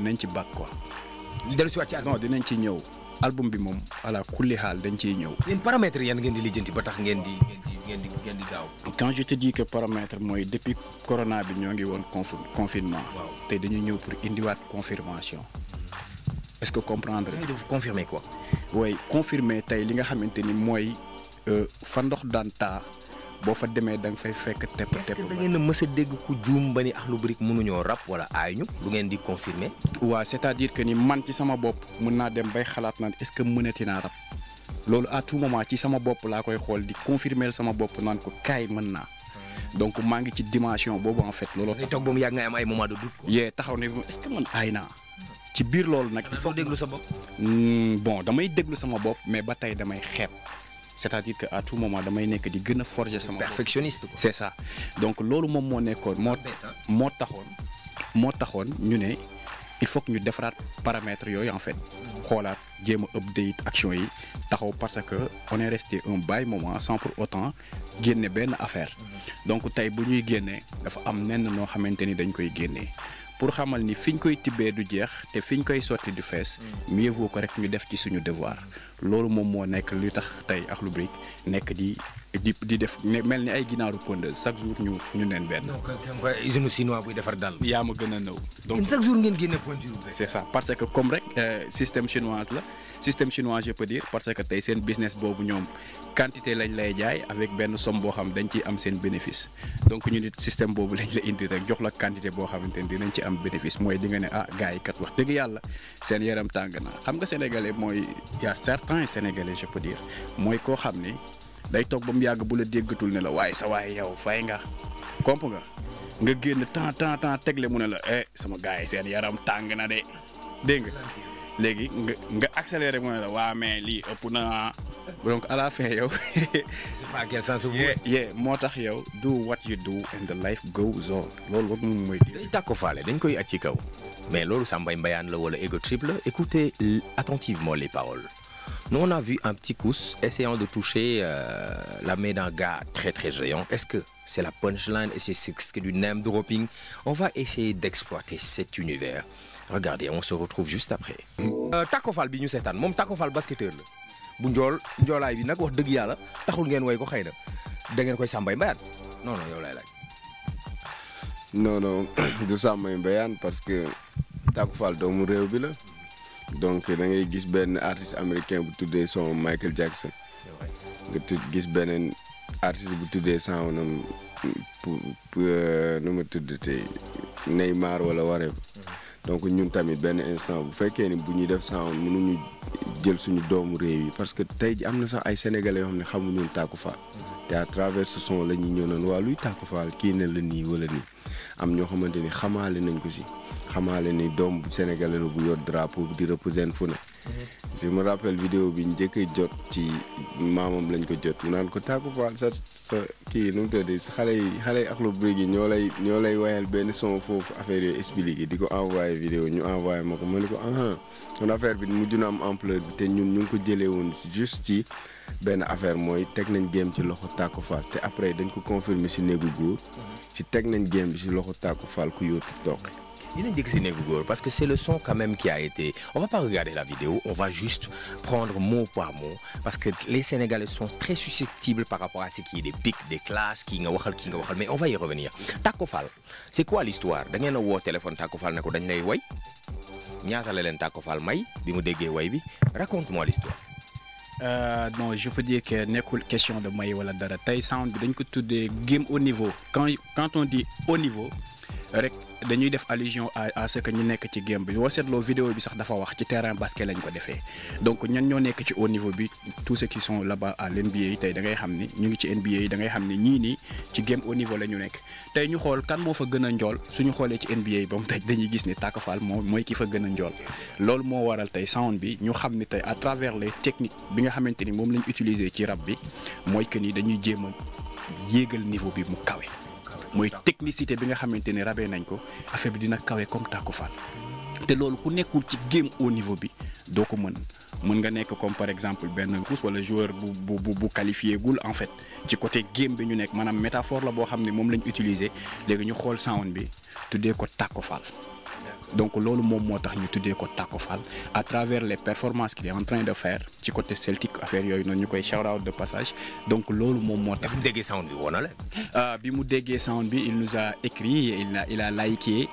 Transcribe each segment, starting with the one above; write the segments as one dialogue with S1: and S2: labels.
S1: nañ ci bàkk quoi dellusiwaat ci album dinañ ci ñëw album bi moom ala kulli xaal dañ ciy ñëw. yéen paramètres yan ngeen di lijjanti ba tax ngeen di
S2: ngeen di ngeen di gaaw.
S1: quand je te dis que paramètre mooy depuis corona bi ñoo ngi woon confi confinement. te dañuy ñëw pour indiwaat confirmation. est-ce que comprendre. da confirmer quoi. waaye tey li nga xamante ni mooy euh, fa ndox daan taa boo fa demee danga fay fekk tepp tepp. est ngeen a dégg ku juum ba ni
S2: lu Brick mënuñoo rap wala aay ñu lu ngeen di
S1: confirmer. waaw c'est-à-dire que ni man ci sama bopp mën naa dem bay xalaat naan est-ce que mënati naa loolu à tout moment ci sama bopp laa koy xool di confirmer sama bopp naan ko kaay mën naa. donc maa ngi ci dimension boobu en fait. loolu ngay toog ba mu yàgg nga am ay moment de doute quoi. yee taxaw ne est-ce que man aay naa. ci biir loolu nag. il faut déglu sa bopp. Hmm, bon damay déglu sama bopp mais ba tey damay xeeb. c'est-à-dire que à tout moment damay nekk di gën a forger sama. perfectionniste quoi c'est ça donc loolu moom moo nekkoon moo moo taxoon moo taxoon ñu ne il foog ñu defaraat paramètres yooyu en fait xoolaat jéem a update action yi taxaw parce que on est resté un bail moment sans pour autant génne benn affaire mm-hmm. donc tey bu ñuy génnee dafa am nenn noo xamante ni dañ koy génnee pour xamal ni fiñ koy tibbee du jeex te fiñ koy sotti du fees mm. mieux ko rek ñu def ci suñu devoir loolu moom moo nekk lu tax tey lu Brick nekk di di di def mel ni ay ginaaru pondeuse chaque jour ñu ñu neen benn. donc euh, usine chinois buy defar daal. yaa ma gën a nëw. donc chaque jour ngeen
S2: génne pondeuse. c'
S1: est parce que comme rek euh, système chinois la système chinois je peux dire parce que tey seen business boobu ñoom quantité lañ lay jaay avec benn somme boo xam dañ ci am seen bénéfice donc ñu nit système boobu lañ la indi rek jox la quantité boo xamante ni dinañ ci am bénéfice mooy di nga ne ah gars yi yàlla seen yaram tàng na xam nga sénégalais mooy important et sénégalais je mooy koo xam ni day toog ba mu yàgg bu la déggatul ne la waaye sa waaye yow fay nga komp nga nga génn temps temps temps tegle mu ne la eh, sama gars yi seen yaram tàng na de dégg nga léegi nga nga accéléré mu ne la waa mais lii ëpp na donc à la fin yow. moo tax yow do what you
S2: do and the life goes on loolu rek moom dañ koy at kaw mbay mbayaan la wala ego trip la écoutez attentivement les paroles. Nous, on a vu un petit cousse essayant euh, la main d'un gars très très géant. se retrouve juste après. Euh, Taco Fall bi ñu bu njool bi nag wax dëgg yàlla taxul ngeen woy ko xëy na da ngeen koy sàmbay mbayaan
S3: non yow lay laaj. non non du sàmbay mbayaan parce que Taco Fall doomu réew bi donc da ngay gis benn artiste américain bu tuddee son Michael Jackson nga tu gis beneen artiste bu tuddee son nam euh, nu ma tudd tey Neymar wala waree donc ñun tamit benn instant bu fekkee ni bu ñuy def son mënuñu jël suñu doomu réew yi parce que tey ji am na sax ay sénégalais yoo xam ne xamuñu Taku Fall te à travers son la ñuy ñëw naan waa luy Taku Fall kii ne la nii wala nii. am ñoo xamante ni xamaale nañ ko si xamale ni doom sénégalais la bu yor drapeau bi di représente fu ne je me rappelle vidéo bi njëkk jot ci maamam lañ ko jot mu naan ko tàggu faal sa sa kii nu mu tëddee xale yi xale yi ak lu yi ñoo lay ñoo lay wayal benn son foofu affaire yooyu expliqué di ko envoyé vidéo ñu envoyé ma ko ma ne ko ah kon affaire bi mujj na am ampleur bi te ñun ñu ngi ko jëlee woon juste ci benn affaire mooy teg nañ géem ci loxo tàkku faal te après dañ ko confirmer si néegu góor mhm. si teg nañ géem bi si loxo tàkku faal ku yóotu toog
S2: dinañ dégg si néegu góor parce que c'est le son quand qui a été on va pas regarder la vidéo on va juste prendre mot par mot parce que les Sénégalais sont très susceptibles par rapport à ce qui est des pics des classes kii nga waxal kii nga waxal mais on va y revenir Taco Fall c'est quoi l'histoire da ngeen a woo téléphone Taco Fall ne ko dañ lay woy ñaata la leen Taco Fall may bi mu déggee woy bi raconte-moi l'histoire
S1: Euh, non je peux dire que nekkul question de may wala dara tey sound bi dañ ko tuddee game au niveau quand quand on dit rek dañuy def allusion à ce que ñu nekk ci game bi boo seetloo vidéo bi sax dafa wax ci terrain basket lañ ko defee donc ñan ñoo nekk ci haut niveau bi tous ceux qui sont là-bas à l'NBA tey da ngay xam ni ñu ngi ci NBA yi ngay xam ni ñii nii ci game haut niveau la ñu nekk tey ñu xool kan moo fa gën a njool suñu xoolee ci NBA ba mu tey dañuy gis ni Taka Fall moom mooy ki fa gën a njool loolu moo waral tey sound bi ñu xam ni tey à travers les techniques bi nga xamante ni moom lañ utiliser ci rab bi mooy que ni dañuy jéem a yéegal niveau bi mu kawe. mooy technicité bi nga xamante ne rabe nañ ko affaire bi dina kawe comme tàkkusaan te loolu ku nekkul ci game au niveau bi doo ko mën mën nga nekk comme par exemple benn course wala joueur bu bu bu bu qualifié gul en fait ci côté game bi ñu nekk maanaam métaphore la boo xam ne moom lañu utiliser léegi ñu xool sound bi tuddee ko tàkkusaan donc loolu moom moo tax ñu tuddee ko Tàkko Fall à travers les performances qu'il est en train de faire ci côté Celtic affaire yooyu noonu ñu koy shout out de passage donc loolu moom moo tax.
S2: bi mu déggee sound bi ah, mu déggee
S1: sound bi il nous a écrit il a il a liké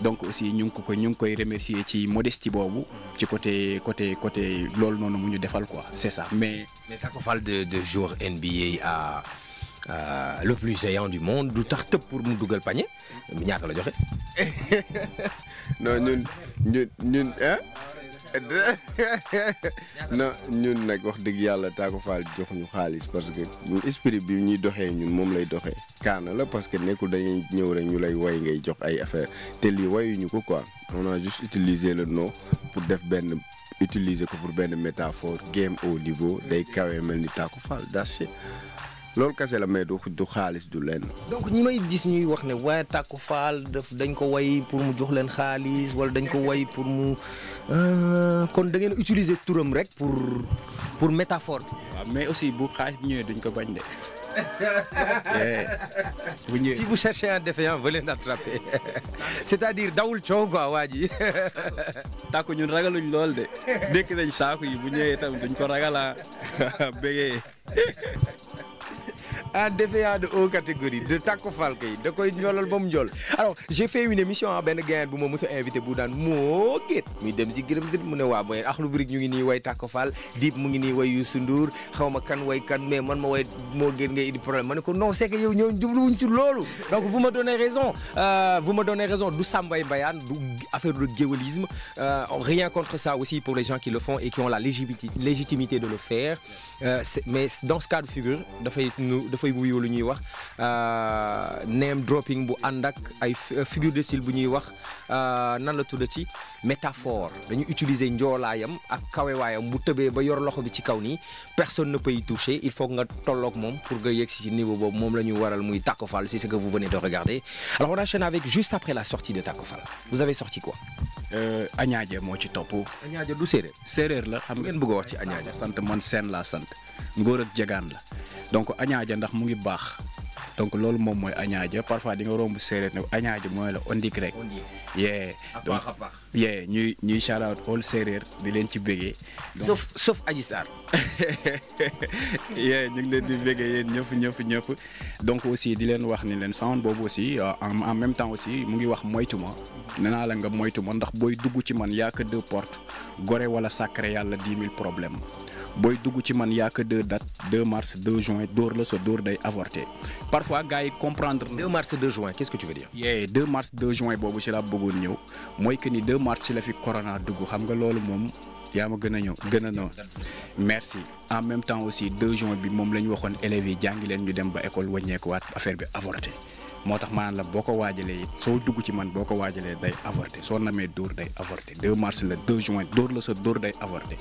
S1: donc aussi ñu ngi ko ñu ngi koy remercier ci modestie boobu ci côté côté côté loolu noonu mu ñu defal quoi c'est ça
S2: mais. mais Tàkko Fall de de jour NBA à. Euh, le plus géant du monde
S3: du tax tëb pour mu dugal panier ñaata la joxe. non ñun ñun ñun ah. ñun nag wax dëgg yàlla Tacko Fall jox ñu xaalis parce que ñun esprit bi ñuy doxee ñun moom lay doxe kaana la parce que nekkul dañuy ñëw rek ñu lay woy ngay jox ay affaire te lii woyuñu ko ko on a juste utilisé le nom pour def benn. utiliser ko pour benn métaphore game au niveau day kawee mel ni Tacko Fall daché loolu kese la mais du du xaalis du lenn. donc
S2: ñi may gis ñuy wax ne waaye Tàkku Faal daf dañ ko way pour mu jox leen xaalis wala dañ ko way pour mu euh, kon da ngeen utiliser turam rek pour pour métaphore. waaw mais aussi bu xaalis bi ñëwee duñ ko bañ de. Eh, ñëwee si vous cherchez un défaillant vous leen attraper c'est-à-dire dawul coow quoi waa ji. tàkku ñun ragaluñ lool de dëkk nañ saako yi bu ñëwee tamit duñ ko ragala ah. bégee. un défiant de haute catégorie de takku falk da koy njoolal ba mu njool alors j'ai fait une émission ah benn gaynde bu ma mos a invité bu daan moo géet muy dem si gërëm dit mu ne waa mooy Akhlou Brick ñu ngi nii way takku fal Dip mu ngi nii way Youssou Ndour xaw ma kan way kan mais man ma way moo géet ngay indi problème ma ne ko non c'est que yow ñooñu jubluwuñ si loolu donc vous me donnez raison euh, vous me donnez raison du Sambay Mbayaan du affaire de géwélisme euh, rien contre ça aussi pour les gens qui le font et qui ont la légitimité de le faire euh, mais dans ce cas de bu wiw lu ñuy wax euh, name dropping bu ànd ak ay euh, figure de style bu ñuy wax euh, nan la tudda ci métaphore dañu utiliser njoolaayam ak kawewaayam bu tëbee ba yor loxo bi ci kaw nii personne ne peut y toucher il faut nga tollook moom pour nga yegg si niveau boobu moom la ñu waral muy Taco Fall si ce que vous venez de regarder alors on enchaîne avec juste après la sortie de Taco Fall vous avez sorti quoi. Añaaje moo ci topp. Añaaje du séeréer. séeréer la xam ngeen bëgg a wax ci Añaaje. sant man seen laa
S1: sant ngóor ak la. donc añaaja ndax mu ngi baax donc loolu moom mooy añaaja parfois di nga romb séeréer ne añaaja mooy la ondik rek yee donc yee ñuy ñuy shout out séeréer bi leen ci bégee sauf sauf Adji Sarr yee ñu ngi leen di bégee yéen ñëpp ñëpp ñëpp donc aussi di leen wax ni leen sound boobu aussi euh, en même temps aussi mu ngi wax moytu ma nee naa la nga moytu ma ndax booy dugg ci man yaa que deux gore wala sacré yàlla dix problème booy dugg ci man yaa que deux dates 2 mars 2 juin dóor la sa dóor day avorté parfois gars yi comprendre. 2 mars 2 juin qu'est-ce que tu veux dire. mars juin boobu ci laa bëggoon ñëw mooy que ni 2 mars ci la fi corona dugg xam nga loolu moom. yaa ma gën a ñëw gën a ñëw merci en même temps aussi 2 juin bi moom la ñu waxoon élèves yi jàngi leen ñu dem ba école wàññeekuwaat affaire bi avorté. moo tax maanaam la boo ko waajalee soo dugg ci man boo ko waajalee day avorté soo namee dóor day avorté 2 mars la deux juin dóor la sa dóor day avorté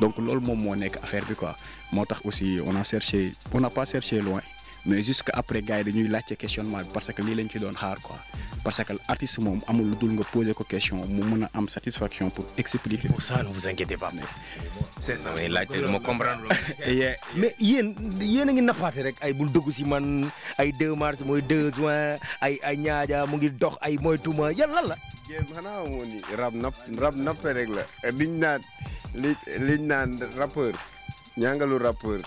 S1: donc loolu moom moo nekk affaire bi quoi moo tax aussi on a cherché on n'a pas cherché loin. mais jusque après gars dañuy laajte questionnement bi parce que lii lañ ci doon xaar quoi parce que artiste moom amul lu dul nga poser ko question mu mën a am
S2: satisfaction pour expliquer. Oh, mais laajte lu yéen yéen a ngi nappaate rek ay bul dugg si man ay 2 mars mooy 2 juin ay ay ñaaja mu ngi dox ay mooy tuuma
S3: yàlla la. jéem xanaa amoon ni rab napp rek la liñ naan liñ naan rappeur ñaangalu rappeur.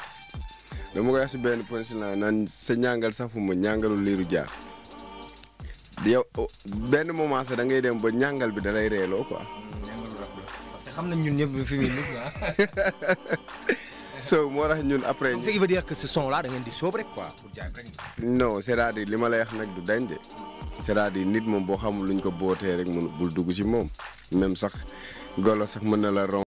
S3: dama koy wax si benn punchline naan sa ñàngal safuma liiru jaar yow oh, benn da ngay dem ba ñàngal bi da reeloo quoi.
S2: nañ ñun ñëpp fi
S3: moo tax ñun après. donc ce qui veut son là da di sóob rek quoi pour jàng rek. non c'est-à-dire li ma lay wax nag du dañ de cest à moom boo xamul luñ ko bootee rek mun bul dugg ci moom même sax golo sax mën na la romb.